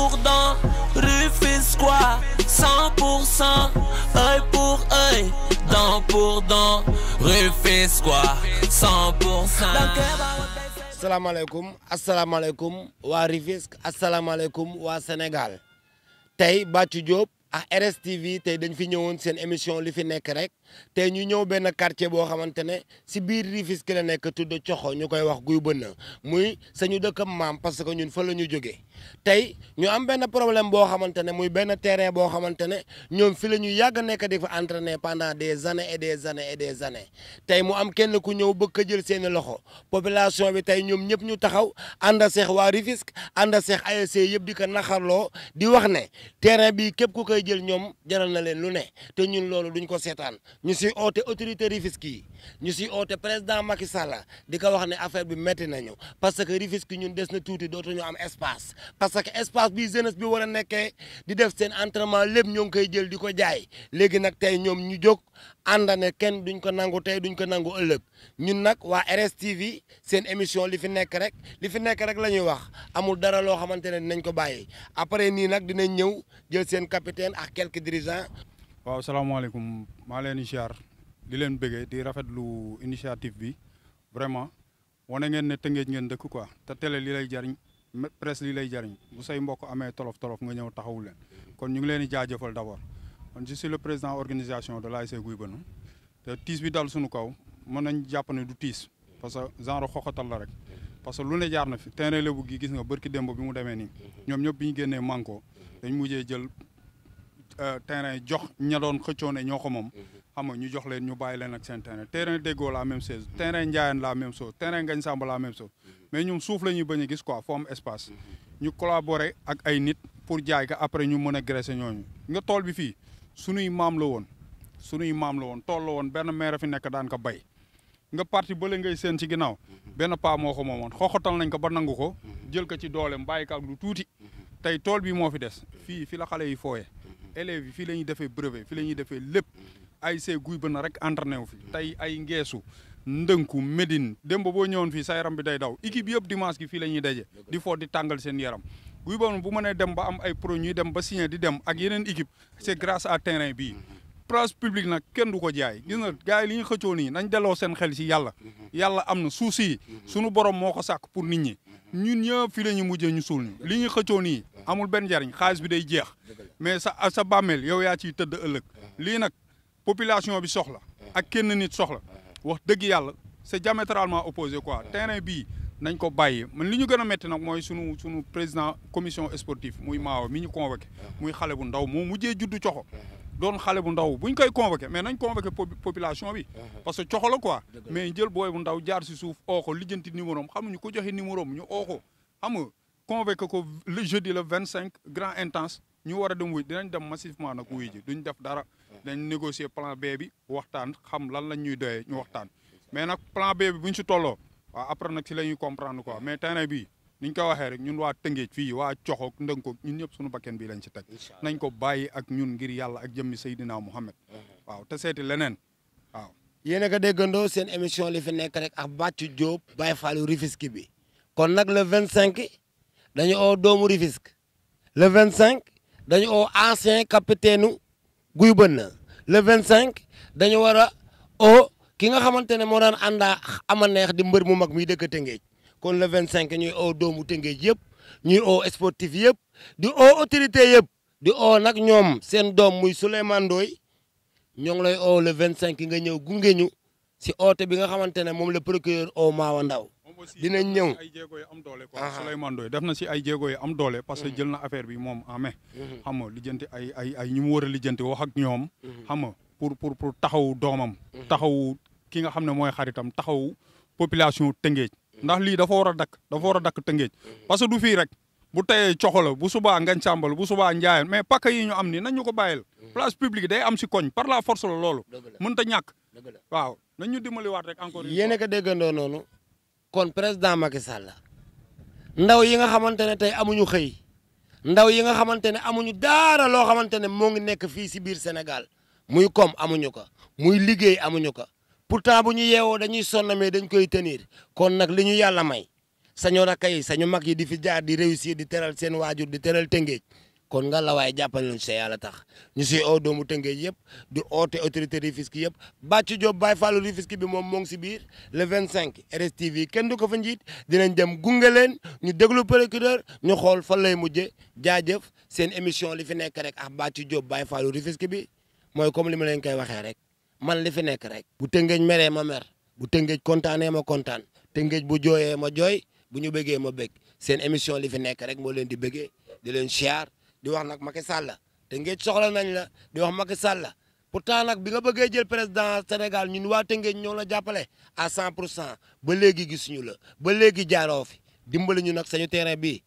pour dent Rufus quoi 100% œil pour œil dent pour dent Rufus quoi 100% asalaamaaleykum asalaamaaleykum waa Rufisque asalaamaaleykum waa Sénégal tey Bathie Diop ak RSTV tey dañ fi ñëwoon seen émission li fi nekk rek tey ñu ñëw benn quartier boo xamante ne si biir Rufisque la nekk tudd Coxo ñu koy wax guy bënn muy sañu dëkk maam parce que ñun fa la ñu jógee tey ñu am benn problème boo xamante ne muy benn terrain boo xamante ne ñoom fi la ñu yàgg nekk di fa entraîner pendant des années et des années et des années tey mu am kenn ku ñëw bëgg a jël seeni loxo population bi tey ñoom ñëpp ñu taxaw ànd seex waa Rufisque ànd seex ASC yëpp di ko naxarloo di wax ne terrain bi képp ku koy jël ñoom jaral na leen lu ne te ñun loolu duñ ko seetaan ñu si oote autorité Rufisque yi ñu si oote président Macky Sall di ko wax ne affaire bi métti nañu parce que Rufisque ñun des na tuuti dootuñu am espace parce que espace bi jeunesse bi war a nekkee di def seen entrement lépp ñoo ngi koy jël di ko jaay léegi nag tey ñoom ñu jóg ànda ne kenn duñ ko nangu tey duñ ko nangu ëllëg ñun nag waa RSTV seen émission li fi nekk rek li fi nekk rek la ñuy wax amul dara loo xamante ne dinañ ko bàyyi après nii nag dinañ ñëw jël seen capitaine ak quelques dirigeants waaw salaamaaleykum maa leen di ziar di leen bëggee di lu initiative bi vraiment wane ngeen ne tëngeej ngeen dëkk quoi te télé li lay jariñ presse li lay jariñ bu say mbokk amee tolof tolof nga ñëw taxawu leen kon ñu ngi leen di jaajëfal d'abord man je le président organisation de l'ASC Guy Béndou te tiis bi dal suñu kaw mën nañ jàpp ne du tiis parce que genre xoxatal la rek parce que lu ne jaar na fi terrain Lebu gi gis nga bërki démb bi mu demee nii ñoom ñëpp bi ñu génnee manko dañ mujjee jël Euh, terrain jox ña doon xëccoo ne ñoo ko moom. xam nga ñu jox leen ñu bàyyi leen ak seen terrain terrain déggoo la même chose terrain njaayeen la même chose terrain ngañ samba la même chose mais ñun suuf la bañ a gis quoi foo am espace. ñu collaborer ak ay nit pour jaay ka après ñu mën a graisser ñooñu nga tool bi fii sunuy maam la woon sunuy maam la woon tool la woon benn maire fi nekk daan ko bay nga parti bële ngay seen ci ginnaaw benn paa moo ko moomoon xoxotal nañ ko ba nangu ko jël ko ci dooleem bàyyi ko tuuti tey tool bi moo fi des fii fi la xale yi fooyee. élèves yi fii la ñuy defee brevet fii la ñuy lépp ay see guy ba na rek entraîné wu fi mm-hmm. tey ay ngeesu ndënku Médine démb boo ñëwoon fii sa yaram bi day daw mm-hmm. équipe yëpp dimanche gi fii la ñuy daje di fo di tàngal seen yaram guy ba bu mënee dem ba am ay pro ñuy dem ba signé di dem ak yeneen équipe c'est mm-hmm. grâce à terrain bi place publique nag kenn du ko jaay gis nga li ñu xëccoo nii nañ delloo seen xel si yàlla yàlla am na suuf si sunu borom moo ko sàkk pour nit ñi ñun ñëpp fii la ñu mujjee ñu suul ñu li ñu xëccoo nii amul benn njariñ xaalis bi day jeex mais sa sa bàmmeel yow yaa ciy tëdd ëllëg lii nag population bi soxla ak kenn nit soxla wax dëgg yàlla c'est diamétralement opposé quoi terrain bi nañ ko bàyyi man li ñu gën a métti nag mooy sunu sunu président commission sportive muy maawa mi ñu convoqué muy xale bu ndaw mu mujjee juddu coxo doon xale bu ndaw bu ñu koy convoqué mais nañ convoqué population bi parce que coxo la quoi mais jël booy bu ndaw jaar si suuf oo ko lijjanti numéro am xamuñu ko joxe numéro am ñu oo ko xam convoqué ko le jeudi le vingt cinq grand intense ñu war a dem wuy dinañ dem massivement nag wuy ji duñ def dara dañ négocier plan B bi waxtaan xam lan lañ ñuy doyee ñu waxtaan mais nag plan B bi buñ si tolloo waaw après nag si la ñuy comprendre ko mais terrain bi ni ñu ko waxee rek ñun waa Tëngéej fii waa Coxoog Ndënkoog ñun ñëpp suñu bakken bii lañ si teg nañ ko bàyyi ak ñun ngir yàlla ak jëmmi Seydina Mouhamed uh-huh. waaw te seeti leneen waaw yéen a ko déggandoo seen émission li fi nekk rek ak Bathie Diop Baye Fallou Rufisque bi dañu oo doomu Rufisque le 25 dañu oo ancien capitaine nu guy bënn le vingt 25 dañu war a ki nga xamante ne moo daan àndaa ama neex di mbër mu mag muy dëkk Tëngéej kon le 25 ñuy oo doomu Tëngéej yëpp ñuy o sportif yëpp di oo autorité yëpp di o nag ñoom seen doom muy Souleymane Ndoye ñoo ngi lay oo le 25 nga ñëw gunge ñu si oote bi nga xamante ne moom la procureur oo Maawa Ndaw dinañ ñëw ay jéego yu am doole quoi ah ah. Souleymane Ndoye def na si ay jéego yu am doole parce que mm-hmm. jël na affaire bi moom en main mm-hmm. xam nga lijjanti ay ay ay ñu mu war a lijjanti wax ak ñoom mm-hmm. xam nga pour pour pour taxaw doomam taxaw ki nga xam ne tëngeej ndax lii dafa war a dakk dafa war a dakk tëngeej parce du fii rek bu teyee coxala bu subaa ngañ sàmbal bu subaa njaayan mais pàkk yi ñu am ni nañu ko bàyyil place publique day am si koñ par la force la loolu mënut a ñàkk waaw nañ ñu dimbaliwaat rek encore yéen a ko déggandoo noonu kon président Macky Sall ndaw yi nga xamante ne tey amuñu xëy ndaw yi nga xamante ne amuñu daara loo xamante ne moo ngi nekk fii si biir Sénégal muy koom amuñu ko muy liggéey amuñu ko pourtant bu ñu yeewoo dañuy sonn mais dañ koy tëniir kon nag li ñu yàlla may sañu kay yi sañu mag yi di fi jaar di réussir di teral seen waajur di teral tëngéej kon nga la waaye jàppale nañu see yàlla tax ñu si oo doomu Tëngéej yëpp di oote autorité Rufisque yëpp bàcc Diop Baye Fallou Rufisque bi moom moo ngi si biir le 25 RSTV kenn du ko fa njiit dinañ dem gunge leen ñu déglu procureur ñu xool fan lay mujje jaajëf seen émission li fi nekk rek ak bàcc Diop baay Fallou Rufisque bi mooy comme li ma leen koy waxee rek man li fi nekk rek. bu Tëngéej meree ma mer bu Tëngéej kontaanee ma kontaan Tëngéej bu jooyee ma jooy bu ñu bëggee ma bëgg seen émission li fi nekk rek moo leen di bëggee di leen siyaar di wax nag Macky Sall te Tëngéej soxla nañ la di wax Macky Sall pourtant nag bi nga bëggee jël président Sénégal ñun waa Tëngéej ñoo la jàppale à 100 pour cent ba léegi gisuñu la ba léegi jaaroo fi dimbali ñu nag sañu terrain bi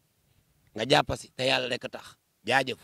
nga jàpp si te yàlla rek tax jaajëf.